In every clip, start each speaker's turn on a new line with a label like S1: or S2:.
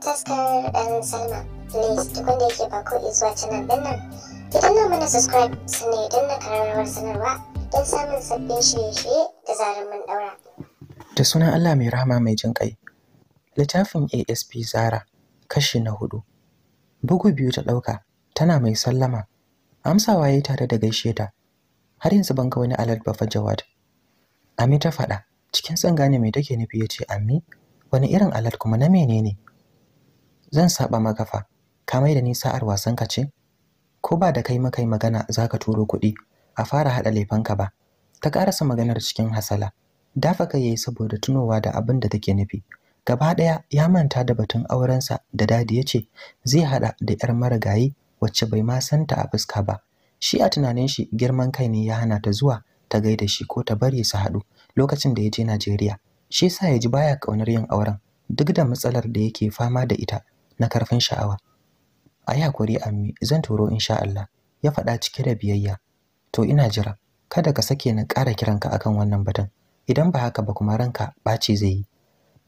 S1: taskar ɗan salma please duk wanda yake ba ko zuwa canal ɗin nan mana subscribe sannan idan na kararrawar sanarwa don samun sabbin shirye-shirye da zarar mun ɗaura. da sunan allah mai rahama mai jin ƙai littafin asp zara kashi na hudu bugu biyu ta ɗauka tana mai sallama amsawa ya tare da gaishe ta har yanzu ban ga wani alert ba fa jawad ami ta faɗa cikin tsangane mai take nufi ya ce ami wani irin alert kuma na menene zan saba maka fa ka mai da ni sa'ar wasan ka ce ko ba da kai maka magana zaka turo kuɗi a fara hada laifanka ba ta karasa maganar cikin hasala dafa kai yayi saboda tunowa da abin da take nufi gaba daya ya manta da batun aurensa da dadi ya ce, zai hada da yar marigayi wacce bai ma santa a fuska ba shi a tunanin shi girman kai ne ya hana ta zuwa ta gaida shi ko ta bari su haɗu lokacin da ya je Najeriya. Shi yasa ya ji baya ƙaunar yin auren duk da matsalar da yake fama da ita na karfin sha'awa a ayi hakuri ammi zan turo insha Allah ya faɗa cike da biyayya to ina jira kada ka sake na ƙara kiranka akan wannan batun idan ba haka ba kuma ranka ɓaci zai yi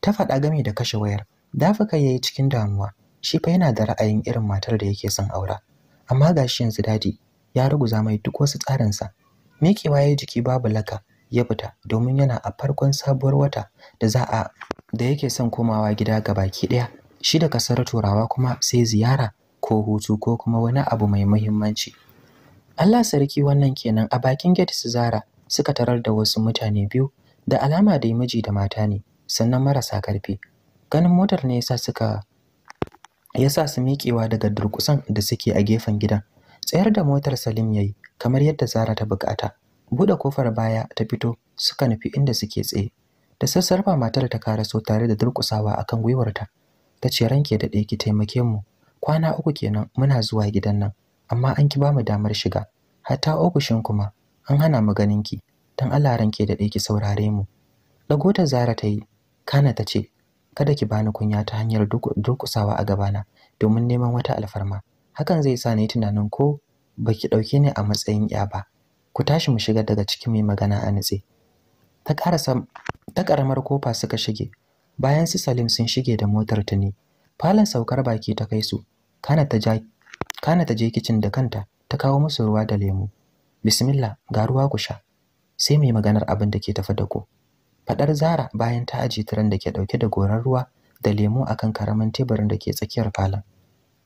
S1: ta faɗa gami da kashe wayar dafuka yi cikin damuwa shi fa yana da ra'ayin irin matar da yake son aura amma gashi yanzu dadi ya ruguza mai duk wasu tsarinsa miƙewa ya jiki babu laka ya fita domin yana a farkon sabuwar wata da za a da yake son komawa gida ga baki ɗaya shi da kasar turawa kuma sai ziyara ko hutu ko kuma wani abu mai muhimmanci Allah sarki wannan kenan a bakin gate su zara suka tarar da wasu mutane biyu da alama dai miji da mata ne sannan marasa karfi ganin motar ne yasa suka yasa su miƙewa daga durkusan da suke a gefen gidan tsayar da motar Salim yayi kamar yadda Zara ta bukata buɗe kofar baya ta fito suka nufi inda suke tsaye da sassarfa matar ta karaso tare da durkusawa akan gwiwarta ta ce ranke ɗaya ki taimake mu kwana uku kenan muna zuwa gidan nan amma an ki bamu damar shiga hatta ofishin kuma an hana mu ganin ki dan Allah ranke daɗe ki saurare mu dago ta Zara ta yi kana ta ce kada ki bani kunya ta hanyar durkusawa a gabana domin neman wata alfarma hakan zai sa ni tunanin ko baki dauke ni a matsayin ya ba ku tashi mu shiga daga cikin mai magana a nitse ta karasa ta karamar kofa suka shige bayan su Salim sun shige da motar ta ne falon saukar baki ta kai su kana ta je kicin da kanta ta kawo musu ruwa da lemu bismillah ga ruwa ku sha sai mai maganar abin da ke tafi da ku fadar Zara bayan ta aje tiran da ke dauke da goran ruwa da lemu akan karamin teburin da ke tsakiyar falon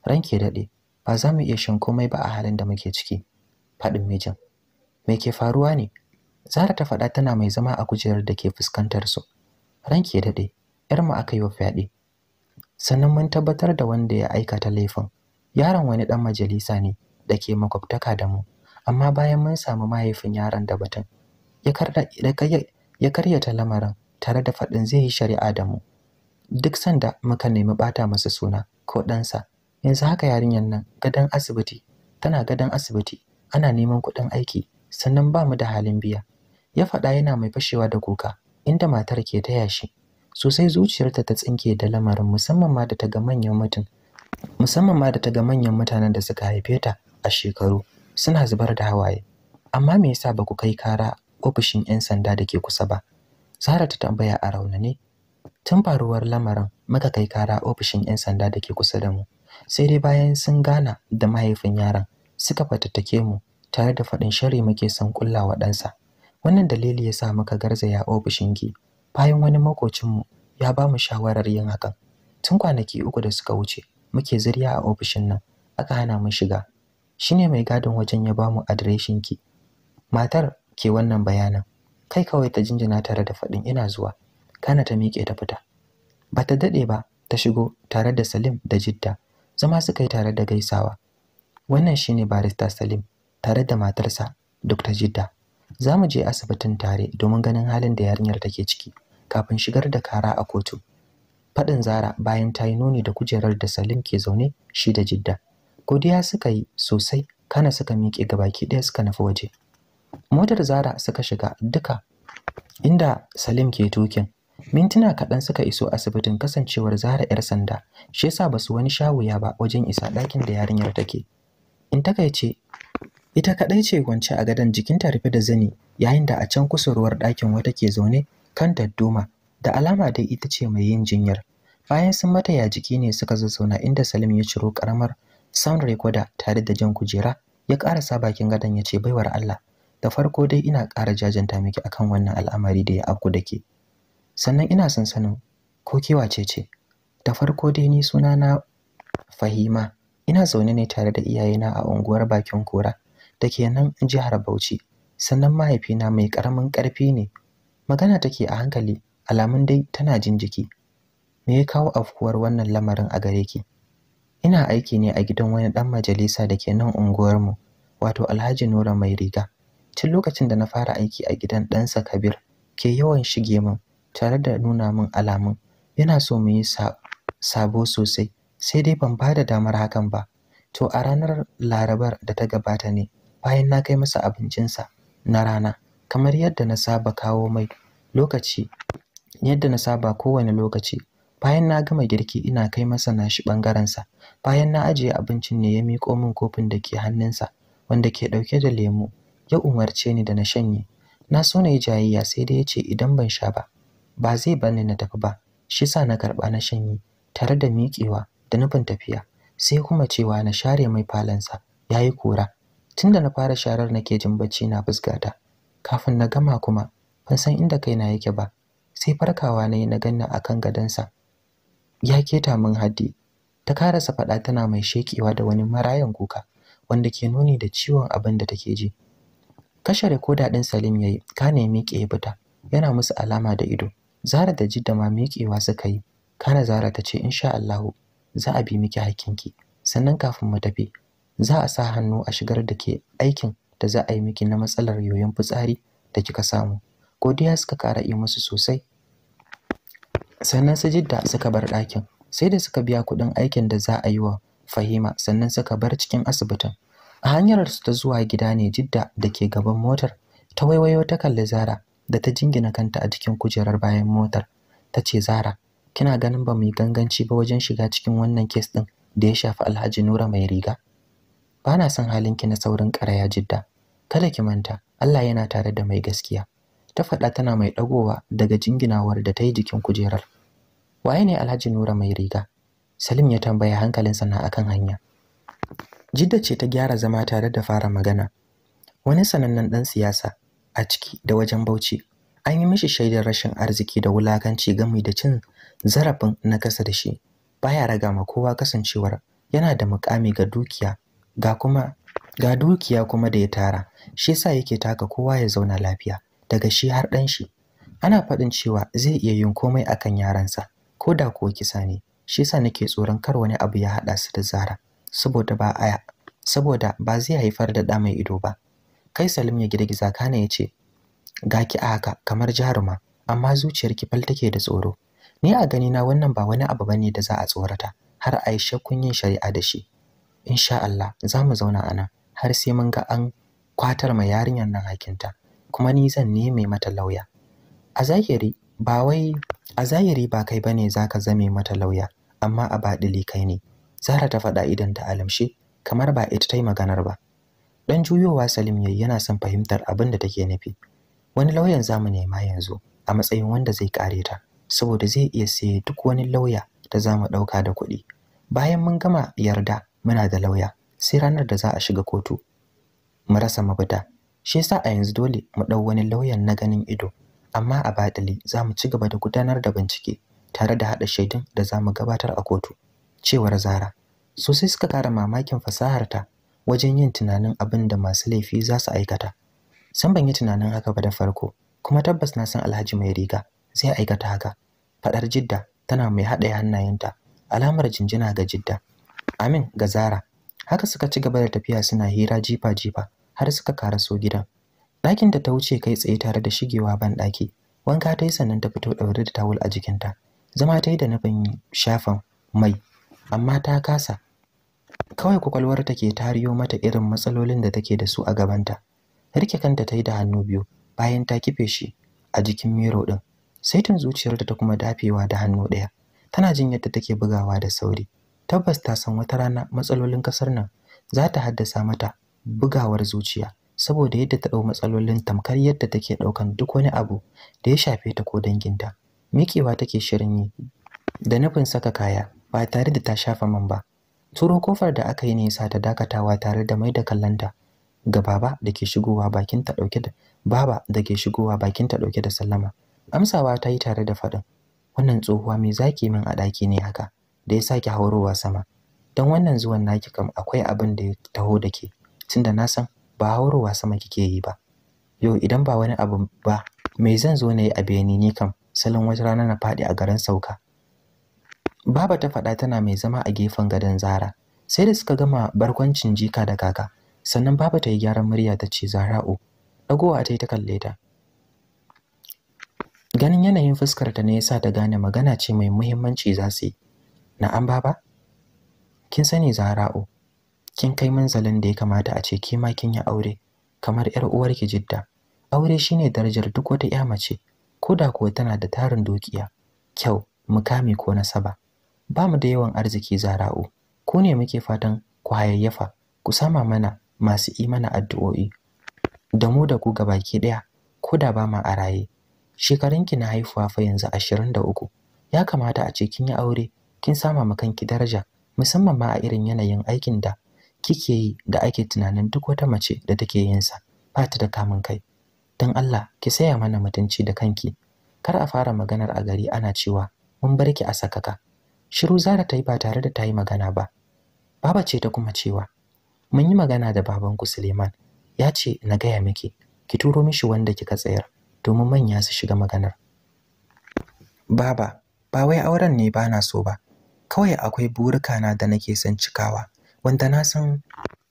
S1: ranke dade ba za mu iya shan komai ba a halin da muke ciki fadin mijin me ke faruwa ne Zara ta faɗa tana mai zama a kujerar da ke fuskantar su ranke daɗe. yar 'yarmu aka yi wa fyaɗe sannan mun tabbatar da wanda ya aikata laifin yaron wani ɗan majalisa ne da ke makwabtaka da mu amma bayan mun samu mahaifin yaron da batun ya karyata lamarin tare da faɗin zai yi shari'a da mu duk sanda muka nemi ɓata masa suna ko ɗansa yanzu haka yarinyar nan gadon asibiti tana gadon asibiti ana neman kuɗin aiki sannan ba mu da halin biya ya faɗa yana mai fashewa da kuka inda matar ke taya shi sosai zuciyarta ta tsinke da lamarin musamman ma da ta ga manyan mutum musamman ma da ta ga manyan mutanen da suka haife ta a shekaru suna zubar da hawaye amma me yasa ba ku kai kara ofishin 'yan sanda da ke kusa ba Zara ta tambaya a raunane tun faruwar lamarin muka kai kara ofishin 'yan sanda da ke kusa da mu sai dai bayan sun gana da mahaifin yaron suka fatattake mu tare da faɗin shari muke son kullawa ɗansa wannan dalili yasa muka garzaya ofishin ki bayan wani makocinmu ya ba mu shawarar yin hakan tun kwanaki uku da suka wuce muke zirya a ofishin nan aka hana mu shiga shine mai gadon wajen ya ba mu adireshin ki matar ke wannan bayanan kai kawai ta jinjina tare da faɗin ina zuwa kana ta miƙe ta fita Ba ta daɗe ba ta shigo tare da Salim da Jidda zama suka yi tare da gaisawa wannan shine barista Salim tare da matarsa Dr. Jidda za mu je asibitin tare domin ganin halin da yarinyar take ciki kafin shigar da kara a kotu. Faɗin Zara bayan ta yi nuni da kujerar da Salim ke zaune shi da Jidda. Godiya suka yi sosai kana suka miƙe baki ɗaya suka nufi waje. Motar Zara suka shiga duka inda Salim ke tukin. Mintuna kaɗan suka iso asibitin kasancewar Zara 'yar sanda, shi yasa ba su wani shawuya ba wajen isa ɗakin da yarinyar take. In takaice, ita kaɗai ce kwance a gadon jikinta rufe da zani yayin da a can kusurwar ɗakin wata ke zaune kan dadduma da alama dai ita ce mai yin jinyar bayan sun mata ya jiki ne suka zazzauna inda Salim ya ciro karamar sound recorder tare da jan kujera ya karasa bakin gadon ya ce baiwar Allah da farko dai ina ƙara jajanta miki akan wannan al'amari da ya afku da ke sannan ina sansanin, ko ke wace ce da farko dai ni suna na Fahima ina zaune ne tare da iyayena a unguwar bakin kora da ke nan jihar Bauchi sannan mahaifina mai karamin karfi ne magana take a hankali alamun dai tana jin jiki me ya kawo afkuwar wannan lamarin a gare ki ina aiki ne a gidan wani dan majalisa da ke nan unguwarmu wato alhaji nura mai riga tun lokacin da na fara aiki a gidan ɗansa kabir ke yawan shige min tare da nuna min alamun yana so mu yi sabo sosai sai dai ban ba da damar hakan ba to a ranar larabar da ta gabata ne bayan na kai masa abincinsa na rana kamar yadda na saba kawo mai lokaci yadda na saba kowane lokaci bayan na gama girki ina kai masa nashi bangaren sa bayan na ajiye abincin ne ya miko min kofin da ke hannunsa wanda ke dauke da lemu ya umarce ni da na shanye na so na yi jayayya sai dai ya ce idan ban sha ba ba zai bani na tafi ba shi sa na karɓa na shanye tare da miƙewa da nufin tafiya sai kuma cewa na share mai falonsa ya yi kura tunda na fara sharar nake jin bacci na fuskata kafin na gama kuma ban san inda kaina yake ba sai farkawa na yi na ganna a kan gadonsa ya keta min haddi ta karasa faɗa tana mai shekewa da wani marayan kuka wanda ke nuni da ciwon abin da take ji kashe rikoda ɗin salim ya yi ka ne miƙe ya fita yana musu alama da ido zara da jidda ma miƙewa suka yi kana zara ta ce insha allahu za a bi miki hakkinki sannan kafin mu tafi za a sa hannu a shigar da ke aikin da za a yi miki na matsalar yoyon fitsari da kika samu godiya suka kara yi musu sosai sannan su jidda suka bar ɗakin sai da suka biya kuɗin aikin da za a yi wa fahima sannan suka bar cikin asibitin a hanyar su ta zuwa gida ne jidda da ke gaban motar ta waiwayo ta kalli zara da ta jingina kanta a cikin kujerar bayan motar ta ce zara kina ganin ba mu yi ganganci ba wajen shiga cikin wannan kes ɗin da ya shafi alhaji nura mai riga ba na son halinki na saurin karaya jidda kada ki manta Allah yana tare da mai gaskiya ta faɗa tana mai ɗagowa daga jinginawar da ta yi jikin kujerar waye ne Alhaji Nura mai riga Salim ya tambaya hankalinsa na akan hanya Jidda ce ta gyara zama tare da fara magana wani sanannen ɗan siyasa a ciki da wajen Bauchi an yi mishi shaidar rashin arziki da wulakanci gami da cin zarafin na kasa da shi baya raga ma kowa kasancewar yana da mukami ga dukiya ga kuma ga dukiya kuma da ya tara shi yasa yake taka kowa ya zauna lafiya daga shi har ɗan shi ana faɗin cewa zai iya yin komai akan yaransa ko da kuwa kisa ne shi yasa nake tsoron kar wani abu ya haɗa su da zara saboda ba aya saboda ba zai haifar da ɗa mai ido ba kai salim ya gida girgiza kana ya ce ga ki a haka kamar jaruma amma zuciyar ki fal take da tsoro ni a gani na wannan ba wani abu bane da za a tsorata har a yi shakkun yin shari'a da shi insha Allah za mu zauna a nan har sai mun ga an kwatar ma yarinyar nan hakinta kuma ni zan neme mata lauya a zahiri ba wai a zahiri ba kai bane zaka zame mata lauya amma a baɗili kai ne Zara ta faɗa idan ta alamshe kamar ba ita ta yi maganar ba dan juyowa Salim yayi yana son fahimtar abin da take nufi wani lauyan zamu nema yanzu a matsayin wanda zai kare ta saboda zai iya saye duk wani lauya da zamu ɗauka da kuɗi bayan mun gama yarda muna da lauya sai ranar da za a shiga kotu mu rasa mabuda. shi yasa a yanzu dole mu ɗau wani lauyan na ganin ido amma a badali za mu ci gaba da gudanar da bincike tare da haɗa shaidun da za mu gabatar a kotu cewar zara sosai suka kara mamakin fasaharta wajen yin tunanin abin da masu laifi za su aikata san ban yi tunanin haka ba da farko kuma tabbas na san alhaji mai riga zai aikata haka faɗar jidda tana mai haɗa hannayenta alamar jinjina ga jidda amin ga zara haka suka ci gaba da tafiya suna hira jifa-jifa har suka karaso gidan ɗakin da ta wuce kai tsaye tare da shigewa ban ɗaki wanka ta yi sannan ta fito ɗaure da tawul a jikinta zama ta yi da nufin shafan mai amma ta kasa kawai kwakwalwar ta ke tariyo mata irin matsalolin da take da su a gabanta rike kanta ta yi da hannu biyu bayan ta kife shi a jikin miro ɗin saitin zuciyarta ta kuma dafewa da hannu ɗaya tana jin yadda take bugawa da sauri tabbas ta san wata rana matsalolin kasar nan za ta haddasa mata bugawar zuciya saboda yadda ta ɗau matsalolin tamkar yadda take ɗaukan duk wani abu da ya shafe ta ko danginta miƙewa take shirin yi da nufin saka kaya ba tare da ta shafa man ba turo kofar da aka yi nesa ta dakatawa tare da mai da kallanta ga baba da ke shigowa bakin ta dauke da baba da ke shigowa bakin ta dauke da sallama amsawa ta yi tare da faɗin wannan tsohuwa mai zaki min a ɗaki ne haka da ya sake haurowa sama don wannan zuwan naki kam akwai abin da ya taho da ke tunda na san ba haurowa sama kike yi ba yau idan ba wani abu ba me zan zo na yi a beni ni kam salon wata rana na faɗi a garin sauka baba ta faɗa tana mai zama a gefen gadon zara sai da suka gama barkwancin jika da kaka sannan baba ta yi gyaran murya ta ce zara'u ɗagowa ta yi ta kalle ta ganin yanayin fuskar ta ne yasa ta gane magana ce mai muhimmanci za su yi na'am baba kin sani zara'u kin kai manzalin da ya kamata a ce kima kin yi aure kamar yar uwarki jidda aure shine darajar duk wata ya mace ko da kuwa tana da tarin dukiya kyau mukami ko nasaba ba mu da yawan arziki zara'u Ko ne muke fatan ku hayayyafa ku sama mana masu imana addu'o'i da mu da ku baki daya ko ba ma a raye shekarunki na haifuwa fa yanzu 23 ya kamata a ce kin yi aure kin sama ma kanki daraja musamman ma a irin yanayin aikin da kike yi da ake tunanin duk wata mace da take yin sa ba ta da kamun kai don Allah ki saya mana mutunci da kanki kar a fara maganar a gari ana cewa mun bar ki a sakaka shiru Zara ta yi ba tare da ta yi magana ba baba ce ta kuma cewa mun yi magana da baban ku. Suleiman ya ce na gaya miki ki turo mishi wanda kika tsayar domin manya su shiga maganar baba ba wai auren ne ba na so ba kawai akwai burikana da nake son cikawa wanda na san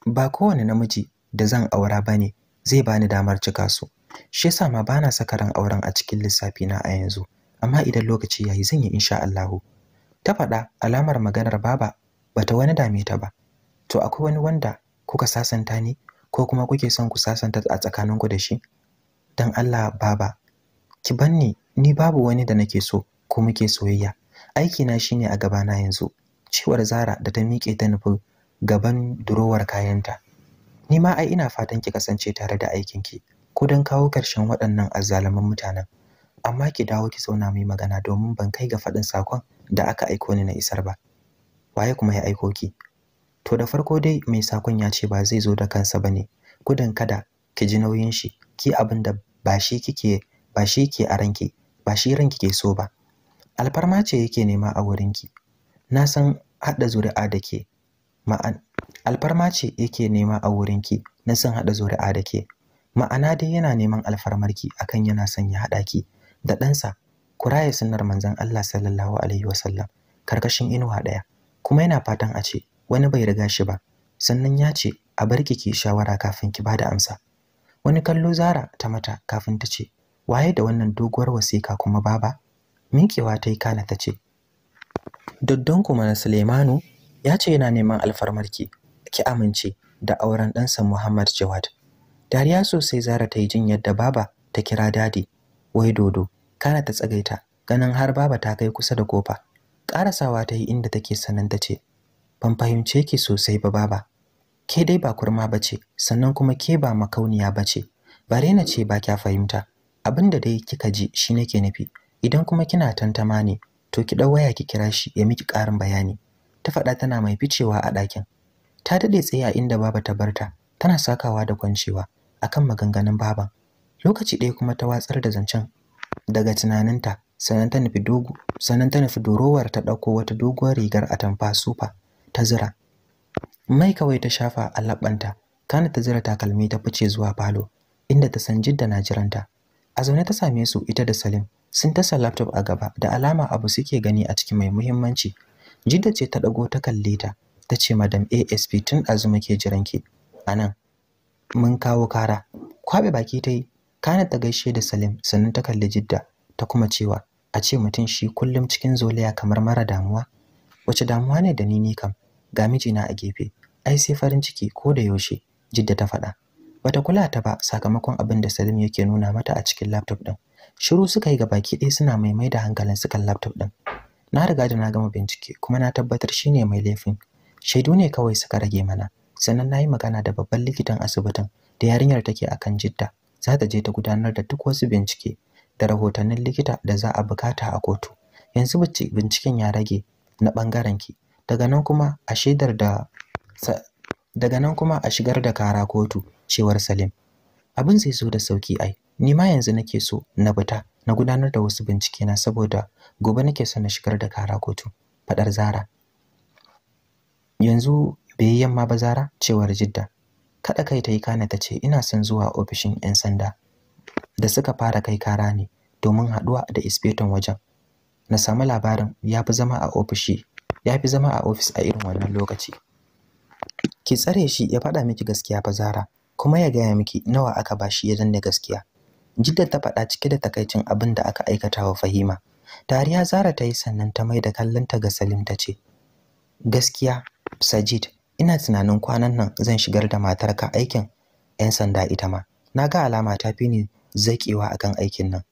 S1: ba kowane namiji da zan aura ba ne zai bani damar cika su shi yasa ma bana saka ran auren a cikin lissafi na a yanzu amma idan lokaci ya yi zan yi insha allahu ta faɗa alamar maganar baba bata wani dame ta ba to akwai wani wanda kuka sasanta ni? ko kuma kuke son ku sasanta a tsakaninku da shi dan Allah baba ki banni ni babu wani da nake so ko muke soyayya aikina shine a gabana yanzu cewar zara da ta miƙe ta nufi gaban durowar kayanta ni ma ai ina fatan ki kasance tare da aikinki ko don kawo ƙarshen waɗannan azzalaman mutanen amma ki dawo ki zauna mai magana domin ban kai ga faɗin sakon da aka aiko ni na isar ba waye kuma ya aiko ki to da farko dai mai sakon ya ce ba zai zo da kansa ba ne. gudun kada ki ji nauyin shi ki abin da ba shi kike ba shi ke a ranki ba shi ranki ke so ba alfarma ce yake nema a wurinki na san haɗa zuri'a da ke ma'an alfarma ce yake nema a wurinki na san haɗa zuri'a da ke ma'ana dai yana neman alfarmarki akan yana son ya haɗa ki da ɗansa kuraye sunnar manzon Allah sallallahu alaihi wasallam karkashin inuwa ɗaya kuma yana fatan a ce wani bai riga shi ba sannan ya ce a barki ki shawara kafin ki bada amsa wani kallo Zara ta mata kafin ta ce waye da wannan doguwar wasika kuma baba minkewa ta yi kana ta ce Doddon kuma na Suleimanu ya ce yana neman alfarmarki ki amince da auren ɗansa Muhammad Jawad dariya sosai Zara ta yi jin yadda baba ta kira dadi wai dodo kana ta tsagaita ganin har baba ta kai kusa da kofa ƙarasawa ta yi inda take sanan ta ce ban fahimce ki sosai ba baba ke dai ba kurma ba ce sannan kuma ke ba makauniya ba ce ba na ce ba kya fahimta abin da dai kika ji shi nake nufi idan kuma kina tantama ne to ki dau waya ki kira shi ya miki karin bayani ta faɗa tana mai ficewa a ɗakin ta dade tsaye a inda baba ta barta tana sakawa da kwancewa akan maganganun baban lokaci ɗaya kuma ta watsar da zancen daga tunaninta sannan ta nufi dogo sannan ta nufi dorowar ta ɗauko wata doguwar rigar atamfa sufa ta zira mai kawai ta shafa a labbanta kana ta zira takalmi ta fice zuwa falo inda ta san jidda na jiranta a zaune ta same su ita da salim sun tasa laptop a gaba da alama abu suke gani a ciki mai muhimmanci jidda ce ta ɗago ta kalle ta ta ce madam asp tun ɗazu muke jiran ki A nan, mun kawo kara kwabe baki ta yi kana ta gaishe da salim sannan ta kalli jidda ta kuma cewa a ce mutum shi kullum cikin zolaya kamar mara damuwa wace damuwa ne da ni ni kam ga mijina a gefe ai sai farin ciki ko da yaushe jidda ta faɗa bata kula ta ba sakamakon abin da salim yake nuna mata a cikin laptop ɗin shiru suka yi gabaki ɗaya suna maimai da hankalin su kan laptop ɗin na riga da na gama bincike kuma na tabbatar shine mai laifin shaidu ne kawai suka rage mana sannan na yi magana da babban likitan asibitin da yarinyar take a kan jidda za ta je ta gudanar da duk wasu bincike da rahotannin likita da za a bukata a kotu yanzu binciken ya rage na ɓangaren ki daga nan kuma a shaidar da daga nan kuma a shigar da kara kotu cewar salim abin zai zo da sauki ai ni ma yanzu nake so na fita na gudanar da wasu bincike na saboda gobe nake so na shigar da kara kotu fadar Zara yanzu bai yamma ba Zara cewar Jidda kada kai tayi kana ta ce, ina son zuwa ofishin yan sanda da suka fara kai kara ne domin haduwa da inspector wajen na samu labarin ya fi zama a ofishi ya fi zama a ofis a irin wannan lokaci ki tsare shi ya faɗa miki gaskiya fa Zara kuma ya gaya miki nawa aka bashi ya danne gaskiya Jidda ta faɗa cike da takaicin abin da aka aikata wa Fahima. Tariya Zara ta yi sannan ta mai da kallonta ga Salim ta ce, Gaskiya, Sajid, ina tunanin kwanan nan zan shigar da matarka aikin 'yan sanda ita ma. Na ga alama ta fi ni zaƙewa akan aikin nan.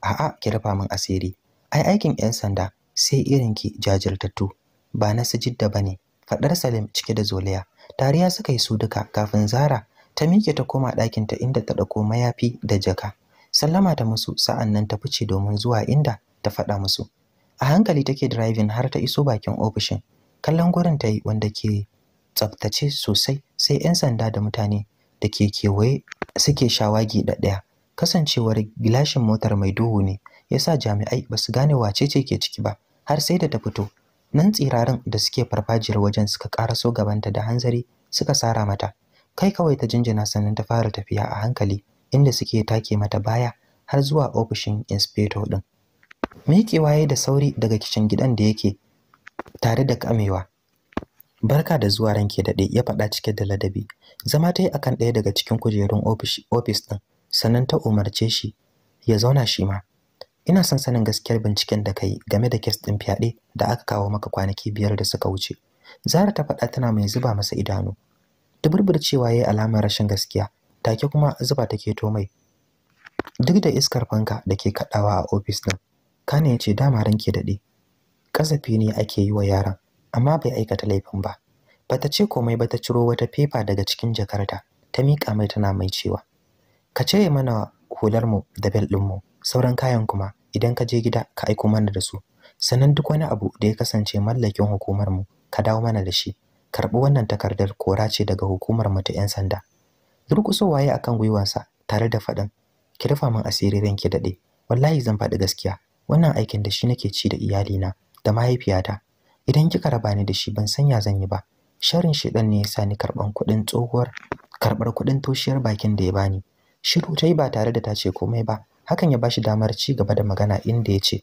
S1: A'a, ki rufa min asiri. Ai aikin 'yan sanda sai irin ki jajirtattu, ba na Sajid da bane. Faɗar Salim cike da zolaya. Tariya suka yi su duka kafin Zara ta miƙe ta koma ɗakinta inda ta ɗauko mayafi da jaka. sallama ta musu sa'an nan ta fice domin zuwa inda ta faɗa musu a hankali take driving har ta iso bakin ofishin kallon gurin ta yi wanda ke tsaftace sosai sai 'yan sanda da mutane da ke kewaye suke shawagi da ɗaya kasancewar gilashin motar mai duhu ne ya sa jami'ai ba su gane wace ce ke ciki ba har sai da ta fito nan tsirarin da suke farfajiyar wajen suka karaso gabanta da hanzari suka sara mata kai kawai ta jinjina sannan ta fara tafiya a hankali inda suke take mata baya har zuwa ofishin inspector ɗin. Miƙewa ya da sauri daga kicin gidan da yake tare da kamewa. Barka da zuwa ranke daɗe ya faɗa cike da ladabi. Zama ta yi akan ɗaya daga cikin kujerun ofis ɗin sannan ta umarce shi ya zauna shi ma. Ina son sanin gaskiyar binciken da kai game da kes ɗin fyaɗe da aka kawo maka kwanaki biyar da suka wuce. Zara ta faɗa tana mai zuba masa idanu. cewa ya yi alamar rashin gaskiya take kuma zuba take to mai duk da iskar fanka da ke kaɗawa a ofis ɗin kane ya ce dama ranke daɗe ƙazafi ne ake yi wa yaran amma bai aikata laifin ba bata ce komai ba ta ciro wata fefa daga cikin jakarta ta miƙa mai tana mai cewa ka cire mana hularmu da bel ɗinmu sauran kayan kuma idan ka je gida ka aiko mana da su sannan duk wani abu da ya kasance mallakin hukumar mu ka dawo mana da shi karɓi wannan takardar kora ce daga hukumar mu ta 'yan sanda durkusowa ya akan gwiwansa tare da faɗin ki rufa min asiri ranki daɗe wallahi zan faɗi gaskiya wannan aikin da shi nake ci da iyalina da mahaifiyata idan kika raba ni da shi ban sanya zan yi ba sharin shedan ne ya sa ni karban kuɗin tsohuwar karɓar kuɗin toshiyar bakin da ya bani shiru ta yi ba tare da ta ce komai ba hakan ya bashi damar ci gaba da magana inda ya ce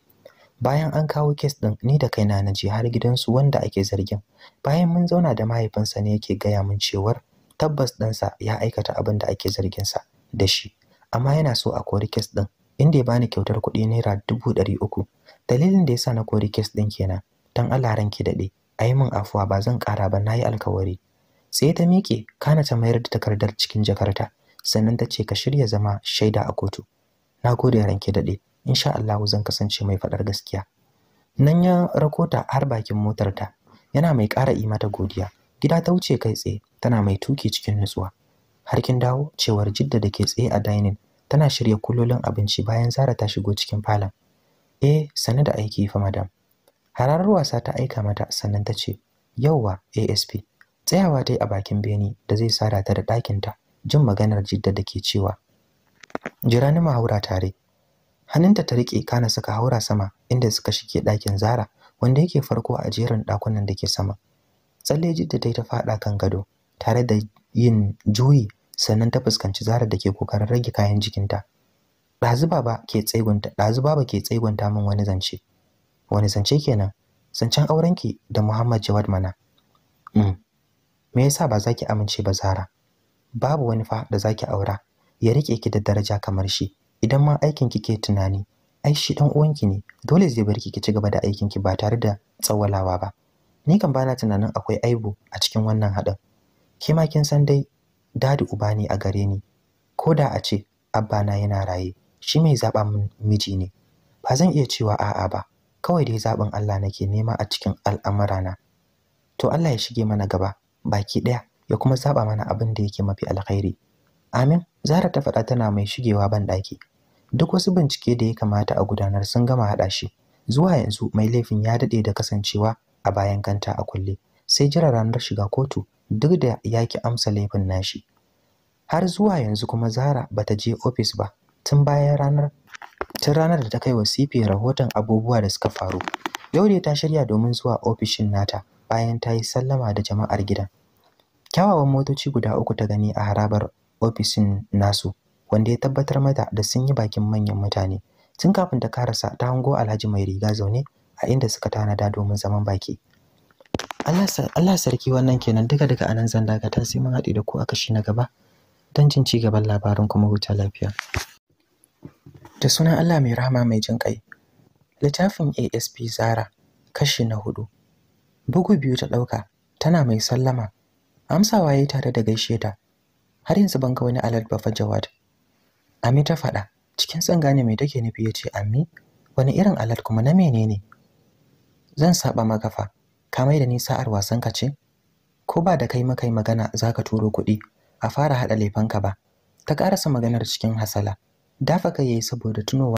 S1: bayan an kawo kes ɗin ni da kaina na je har gidansu wanda ake zargin bayan mun zauna da mahaifinsa ne yake gaya min cewar tabbas ɗansa ya aikata abin da ake sa da shi amma yana so a kori kes ɗin inda ya bani kyautar kuɗi naira dubu ɗari uku dalilin da ya sa na kori kes ɗin kenan don Allah ranki daɗe a yi min afuwa ba zan ƙara ba na yi alkawari sai ta miƙe kana ta mayar da takardar cikin jakarta sannan ta ce ka shirya zama shaida a kotu na gode ranki daɗe insha Allah zan kasance mai faɗar gaskiya nan ya rakota har bakin motarta yana mai ƙara yi mata godiya gida ta wuce kai tsaye tana mai tuki cikin nutsuwa har kin dawo cewar jidda da ke tsaye a dining tana shirya kulolin abinci bayan zara ta shigo cikin falon eh sane da aiki fa madam hararar wasa ta aika mata sannan ta ce yauwa asp tsayawa ta yi a bakin beni da zai sara ta da ɗakinta jin maganar jidda da ke cewa jira ni haura tare hannunta ta riƙe kana suka haura sama inda suka shige ɗakin zara wanda yake farko a jerin ɗakunan da ke sama tsalle jidda ta yi ta faɗa kan gado tare da yin juyi sannan ta fuskanci zarar da ke kokarin rage kayan jikinta. Ɗazu baba ke tsegunta, ɗazu baba ke tsegunta min wani zance. Wani zance kenan? Zancen aurenki da Muhammad Jawad mana. Mm. Me yasa ba za ki amince ba Zara? Babu wani fa da za ki aura ya rike ki da daraja kamar shi. Idan ma aikin ki ke tunani, ai shi dan uwanki ne, dole zai bar ki ki ci gaba da aikin ki ba tare da tsawalawa ba. Ni kan bana tunanin akwai aibu a cikin wannan haɗin. ke ma kin san dai dadi uba ne a gare ni ko da a ce abba na yana raye shi mai zaɓa min miji ne ba zan iya cewa a'a ba kawai dai zaɓin Allah nake nema a cikin na. to Allah ya shige mana gaba baki ɗaya ya kuma zaɓa mana abin da yake mafi alkhairi amin zara ta faɗa tana mai shigewa ban ɗaki duk wasu bincike da ya kamata a gudanar sun gama haɗa shi zuwa yanzu mai laifin ya daɗe da kasancewa a bayan kanta a kulle sai jira ranar shiga kotu duk da ya ki amsa laifin nashi har zuwa yanzu kuma Zara bata je ofis ba tun bayan ranar tun ranar da ta kai wa CP rahoton abubuwa da suka faru yau ne ta shirya domin zuwa ofishin nata bayan ta yi sallama da jama'ar gidan kyawawan motoci guda uku ta gani a harabar ofishin nasu wanda ya tabbatar mata da sun yi bakin manyan mutane tun kafin ta karasa ta hango Alhaji mai riga zaune a inda suka tanada domin zaman baki Allah sarki wannan kenan duka duka anan zan dakata sai mun haɗe da ku a kashi na gaba don jin ci gaban labarin kuma huta lafiya. Da sunan Allah mai rahama mai jin ƙai. Littafin ASP Zara kashi na hudu. Bugu biyu ta ɗauka tana mai sallama. Amsawa ya yi tare da gaishe ta. Har yanzu ban ga wani alert ba fa Jawad. Ami ta faɗa cikin ne mai take nufi ya ce Ami wani irin alad kuma na menene? Zan saba maka ka mai da nisa ar wasan ka ce ko ba da kai makai magana zaka turo kuɗi a fara haɗa laifanka ba ta ƙarasa maganar cikin hasala dafa kai yayi saboda tunowa